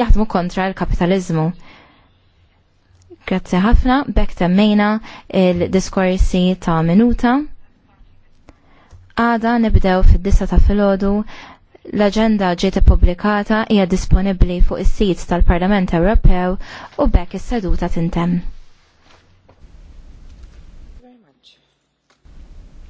jaħdmu kontra l-kapitalizmu. Grazzi ħafna, bekk temmejna il-diskorsi ta' minuta. Għada nibdew fid-disa ta' filgħodu l-agenda ġiet ippubblikata hija disponibbli fuq is-sit tal-Parlament Ewropew u bekk is-seduta tintemm.